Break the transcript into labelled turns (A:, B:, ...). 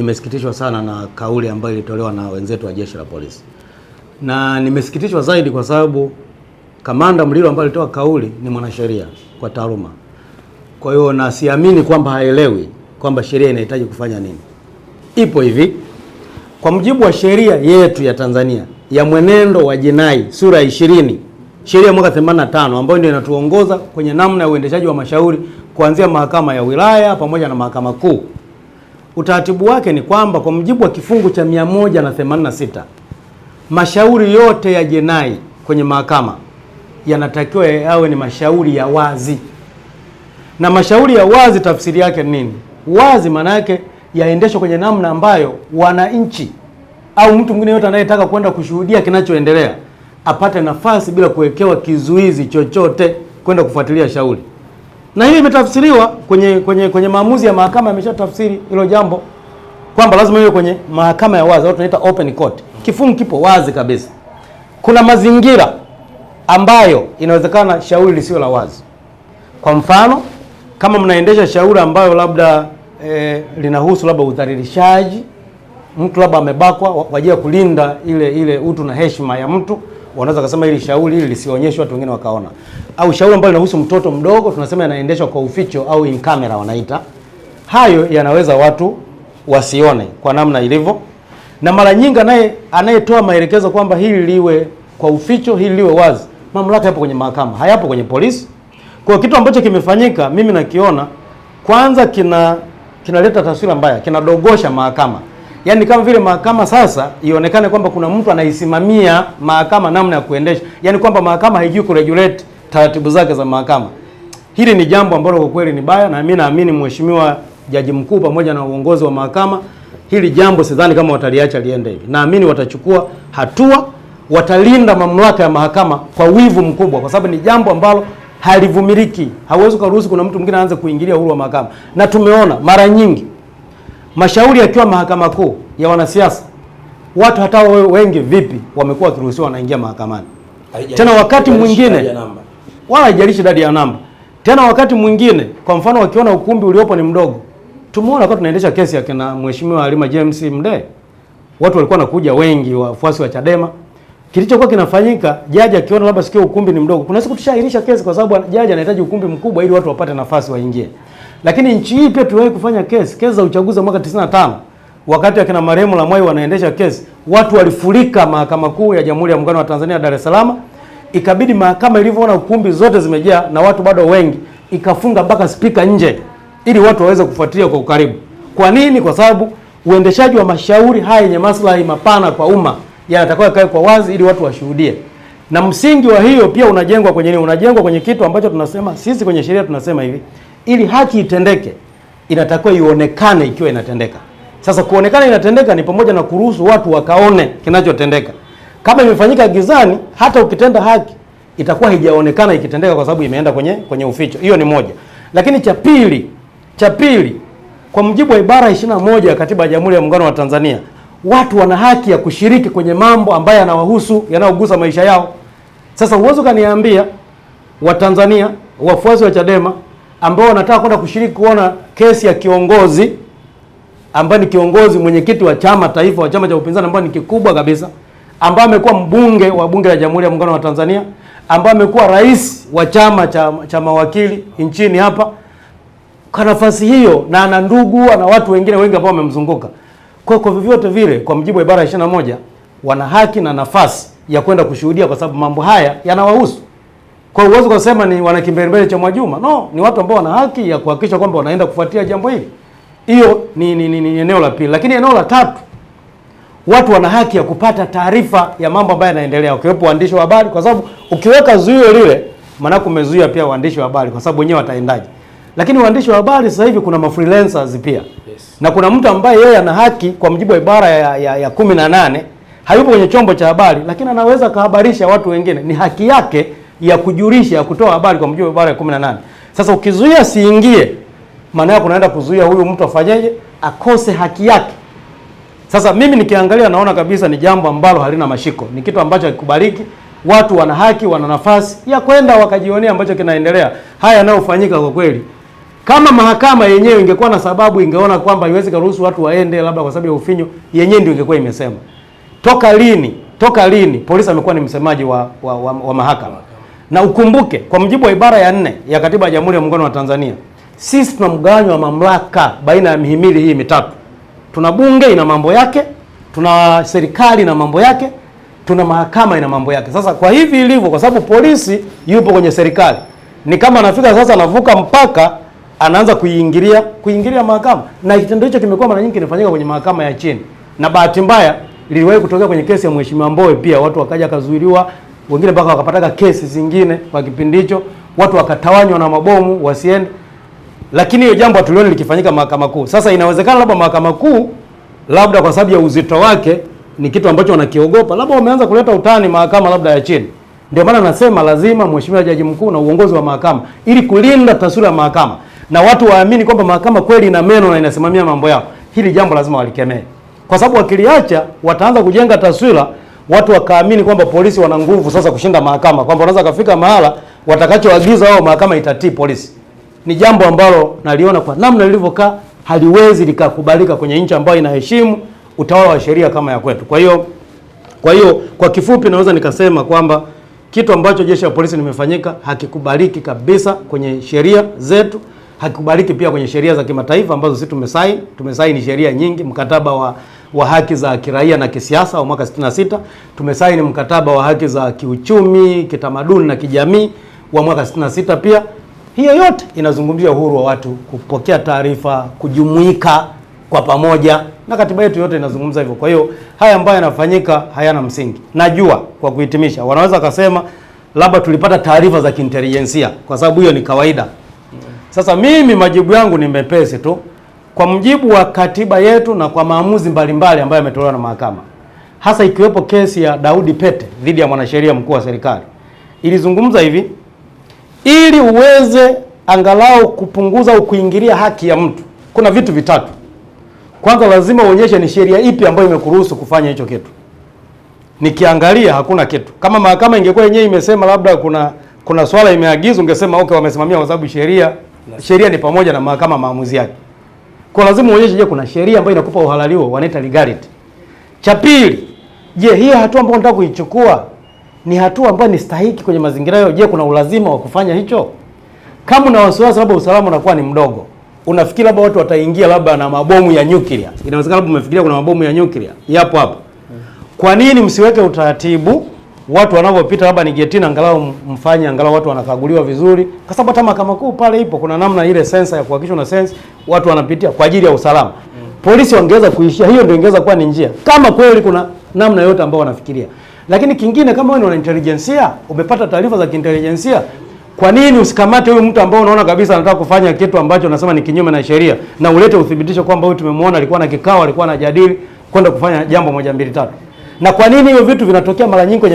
A: Nimesikitishwa sana na kauli ambayo ilitolewa na wenzetu wa jeshi la polisi, na nimesikitishwa zaidi kwa sababu kamanda Mlilo ambaye alitoa kauli ni mwanasheria kwa taaluma. Kwa hiyo na siamini kwamba haelewi kwamba sheria inahitaji kufanya nini. Ipo hivi, kwa mujibu wa sheria yetu ya Tanzania ya mwenendo wa jinai sura ya ishirini, sheria mwaka 85 ambayo ndio inatuongoza kwenye namna ya uendeshaji wa mashauri kuanzia mahakama ya wilaya pamoja na mahakama kuu Utaratibu wake ni kwamba kwa mujibu wa kifungu cha 186 mashauri yote ya jinai kwenye mahakama yanatakiwa yawe ni mashauri ya wazi, na mashauri ya wazi tafsiri yake nini? Wazi maana yake yaendeshwa kwenye namna ambayo wananchi au mtu mwingine yote anayetaka kwenda kushuhudia kinachoendelea apate nafasi bila kuwekewa kizuizi chochote kwenda kufuatilia shauri. Na hiyo imetafsiriwa kwenye, kwenye, kwenye maamuzi ya mahakama yamesha tafsiri hilo jambo kwamba lazima iwe kwenye mahakama ya wazi au tunaita open court. Kifungu kipo wazi kabisa. Kuna mazingira ambayo inawezekana shauri lisiwe la wazi. Kwa mfano kama mnaendesha shauri ambayo labda e, linahusu labda udhalilishaji, mtu labda amebakwa kwa ajili ya kulinda ile ile utu na heshima ya mtu wanaweza kusema ili shauri ili lisionyeshwe watu wengine wakaona, au shauri ambalo linahusu mtoto mdogo tunasema yanaendeshwa kwa uficho au in camera wanaita. Hayo yanaweza watu wasione kwa namna ilivyo, na mara nyingi naye anayetoa maelekezo kwamba hili liwe kwa uficho, hili liwe wazi, mamlaka yapo kwenye mahakama, hayapo kwenye polisi. Kwa kitu ambacho kimefanyika, mimi nakiona kwanza, kina kinaleta taswira mbaya, kinadogosha mahakama yani kama vile mahakama sasa ionekane kwamba kuna mtu anaisimamia mahakama namna ya kuendesha, yani kwamba mahakama haijui kuregulate taratibu zake za mahakama. Hili ni jambo ambalo kwa kweli ni baya, na mimi naamini mheshimiwa jaji mkuu pamoja na uongozi wa mahakama, hili jambo sidhani kama wataliacha liende hivi. Naamini watachukua hatua, watalinda mamlaka ya mahakama kwa wivu mkubwa, kwa sababu ni jambo ambalo halivumiliki. Hauwezi kuruhusu kuna mtu mwingine aanze kuingilia uhuru wa mahakama, na tumeona mara nyingi mashauri yakiwa mahakama kuu ya wanasiasa, watu hata wengi vipi wamekuwa wakiruhusiwa wanaingia mahakamani tena, wakati mwingine wala haijalishi idadi ya namba tena, wakati mwingine, kwa mfano wakiona ukumbi uliopo ni mdogo. Tumeona kwa tunaendesha kesi ya kina mheshimiwa Halima James Mdee, watu walikuwa nakuja wengi, wafuasi wa Chadema. Kilichokuwa kinafanyika, jaji akiona labda sikio ukumbi ni mdogo, kuna siku tushaahirisha kesi kwa sababu jaji anahitaji ukumbi mkubwa ili watu wapate nafasi waingie. Lakini nchi hii pia tuwahi kufanya kesi, kesi za uchaguzi mwaka 95 wakati akina marehemu Lamwai wanaendesha kesi, watu walifurika Mahakama Kuu ya Jamhuri ya Muungano wa Tanzania Dar es Salaam. Ikabidi mahakama ilivyoona ukumbi zote zimejaa na watu bado wengi, ikafunga mpaka spika nje ili watu waweze kufuatilia kwa ukaribu. Kwa nini? Kwa sababu uendeshaji wa mashauri haya yenye maslahi mapana kwa umma yanatakiwa kae kwa wazi ili watu washuhudie, na msingi wa hiyo pia unajengwa kwenye nini? Unajengwa kwenye kitu ambacho tunasema sisi kwenye sheria tunasema hivi, ili haki itendeke inatakiwa ionekane ikiwa inatendeka. Sasa kuonekana inatendeka ni pamoja na kuruhusu watu wakaone kinachotendeka. Kama imefanyika gizani, hata ukitenda haki itakuwa haijaonekana ikitendeka, kwa sababu imeenda kwenye kwenye uficho. Hiyo ni moja, lakini cha pili, cha pili, kwa mujibu wa ibara 21 ya katiba ya Jamhuri ya Muungano wa Tanzania, watu wana haki ya kushiriki kwenye mambo ambayo yanawahusu, yanayogusa maisha yao. Sasa huwezi ukaniambia Watanzania wafuasi wa Chadema ambao wanataka kwenda kushiriki kuona kesi ya kiongozi ambaye ni kiongozi mwenyekiti wa chama taifa wa chama cha upinzani ambaye ni kikubwa kabisa, ambaye amekuwa mbunge wa bunge la Jamhuri ya Muungano wa Tanzania, ambaye amekuwa rais wa chama cha, cha mawakili nchini hapa kwa nafasi hiyo, na ana ndugu, ana watu wengine wengi ambao wamemzunguka. Kwa kwa vyovyote vile, kwa mujibu wa ibara ya 21 wana haki na nafasi ya kwenda kushuhudia, kwa sababu mambo haya yanawahusu. Kwa hiyo huwezi kusema ni wanakimbelembele cha Mwajuma, no, ni watu ambao wana haki ya kuhakikisha kwamba wanaenda kufuatia jambo hili. Hiyo ni, ni, ni, ni eneo la pili, lakini eneo la tatu, watu wana haki ya kupata taarifa ya mambo ambayo yanaendelea, ukiwepo waandishi wa habari, kwa sababu ukiweka zuio lile, maanake umezuia pia waandishi wa habari, kwa sababu wenyewe wataendaje? Lakini waandishi wa habari sasa hivi kuna mafreelancers pia yes. na kuna mtu ambaye yeye ana haki kwa mujibu wa ibara ya, ya, ya kumi na nane hayupo kwenye chombo cha habari, lakini anaweza kuhabarisha watu wengine. Ni haki yake ya kujulisha, ya kutoa habari kwa mujibu wa ibara ya 18. Sasa ukizuia siingie maana yake unaenda kuzuia huyu mtu afanyeje, akose haki yake. Sasa mimi nikiangalia, naona kabisa ni jambo ambalo halina mashiko, ni kitu ambacho hakikubaliki. Watu wana haki, wana nafasi ya kwenda wakajionea ambacho kinaendelea, haya yanayofanyika kwa kweli kama mahakama yenyewe ingekuwa na sababu, ingeona kwamba iwezi karuhusu watu waende, labda kwa sababu ya ufinyo, yenyewe ndio ingekuwa imesema. Toka lini? Toka lini polisi amekuwa ni msemaji wa, wa, wa, wa mahakama? Na ukumbuke kwa mujibu wa ibara ya nne ya katiba ya Jamhuri ya Muungano wa Tanzania sisi tuna mgawanyo wa mamlaka baina ya mihimili hii mitatu. Tuna bunge ina mambo yake, tuna serikali ina mambo yake, tuna mahakama ina mambo yake. Sasa kwa hivi ilivyo, kwa sababu polisi yupo kwenye serikali, ni kama anafika sasa, anavuka mpaka anaanza kuingilia kuingilia mahakama, na kitendo hicho kimekuwa mara nyingi kinafanyika kwenye mahakama ya chini, na bahati mbaya liliwahi kutokea kwenye kesi ya mheshimiwa Mbowe pia, watu wakaja kazuiliwa, wengine mpaka wakapataka kesi zingine kwa kipindi hicho, watu wakatawanywa na mabomu wasiende lakini hiyo jambo hatulioni likifanyika mahakama kuu. Sasa inawezekana labda mahakama kuu, labda kwa sababu ya uzito wake, ni kitu ambacho wanakiogopa, labda wameanza kuleta utani mahakama labda ya chini. Ndio maana nasema lazima mheshimiwa jaji mkuu na uongozi wa mahakama, ili kulinda taswira ya mahakama na watu waamini kwamba mahakama kweli ina meno na inasimamia mambo yao, hili jambo lazima walikemee, kwa sababu wakiliacha wataanza kujenga taswira, watu wakaamini kwamba polisi wana nguvu sasa kushinda mahakama, kwamba wanaweza kafika mahala watakachoagiza wao mahakama itatii polisi ni jambo ambalo naliona kwa namna lilivyokaa haliwezi likakubalika kwenye nchi ambayo inaheshimu utawala wa sheria kama ya kwetu. Kwa hiyo kwa hiyo kwa kifupi naweza nikasema kwamba kitu ambacho jeshi la polisi limefanyika hakikubaliki kabisa kwenye sheria zetu, hakikubaliki pia kwenye sheria za kimataifa ambazo sisi tumesaini. Tumesaini sheria nyingi, mkataba wa, wa haki za kiraia na kisiasa wa mwaka 66, tumesaini mkataba wa haki za kiuchumi, kitamaduni na kijamii wa mwaka 66 pia hiyo yote inazungumzia uhuru wa watu kupokea taarifa, kujumuika kwa pamoja, na katiba yetu yote inazungumza hivyo. Kwa hiyo haya ambayo yanafanyika hayana msingi. Najua kwa kuhitimisha, wanaweza kusema labda tulipata taarifa za kiintelijensia, kwa sababu hiyo ni kawaida. Sasa mimi majibu yangu ni mepesi tu, kwa mjibu wa katiba yetu na kwa maamuzi mbalimbali ambayo yametolewa na mahakama, hasa ikiwepo kesi ya Daudi Pete dhidi ya mwanasheria mkuu wa serikali ilizungumza hivi ili uweze angalau kupunguza au kuingilia haki ya mtu, kuna vitu vitatu. Kwanza lazima uonyeshe ni sheria ipi ambayo imekuruhusu kufanya hicho kitu. Nikiangalia hakuna kitu. Kama mahakama ingekuwa yenyewe imesema labda kuna kuna swala imeagizwa, ungesema okay, wamesimamia kwa sababu sheria sheria ni pamoja na mahakama maamuzi yake. Kwa lazima uonyeshe, je, kuna sheria ambayo inakupa uhalali huo, wanaita legality. Cha pili, je, hii hatua ambayo nataka kuichukua ni hatua ambayo ni stahiki kwenye mazingira hayo? Je, kuna ulazima wa kufanya hicho? Kama una wasiwasi labda usalama unakuwa ni mdogo, unafikiri labda watu wataingia labda na mabomu ya nyuklia, inawezekana labda umefikiria kuna mabomu ya nyuklia yapo hapo. Kwa nini msiweke utaratibu watu wanavyopita labda ni getini, angalau mfanye angalau watu wanakaguliwa vizuri, kwa sababu hata mahakama kuu pale ipo, kuna namna ile sensa ya kuhakikisha na sensa watu wanapitia kwa ajili ya usalama mm. Polisi wangeweza kuishia hiyo, ndio ingeweza kuwa ni njia, kama kweli kuna namna yote ambayo wanafikiria lakini kingine kama wewe ni intelijensia, umepata taarifa za kiintelijensia, kwa nini usikamate huyu mtu ambao unaona kabisa anataka kufanya kitu ambacho unasema ni kinyume na sheria na ulete uthibitisho kwamba huyu tumemwona alikuwa na kikao, alikuwa anajadili kwenda kufanya jambo moja mbili tatu? Na kwa nini hiyo vitu vinatokea mara nyingi kwenye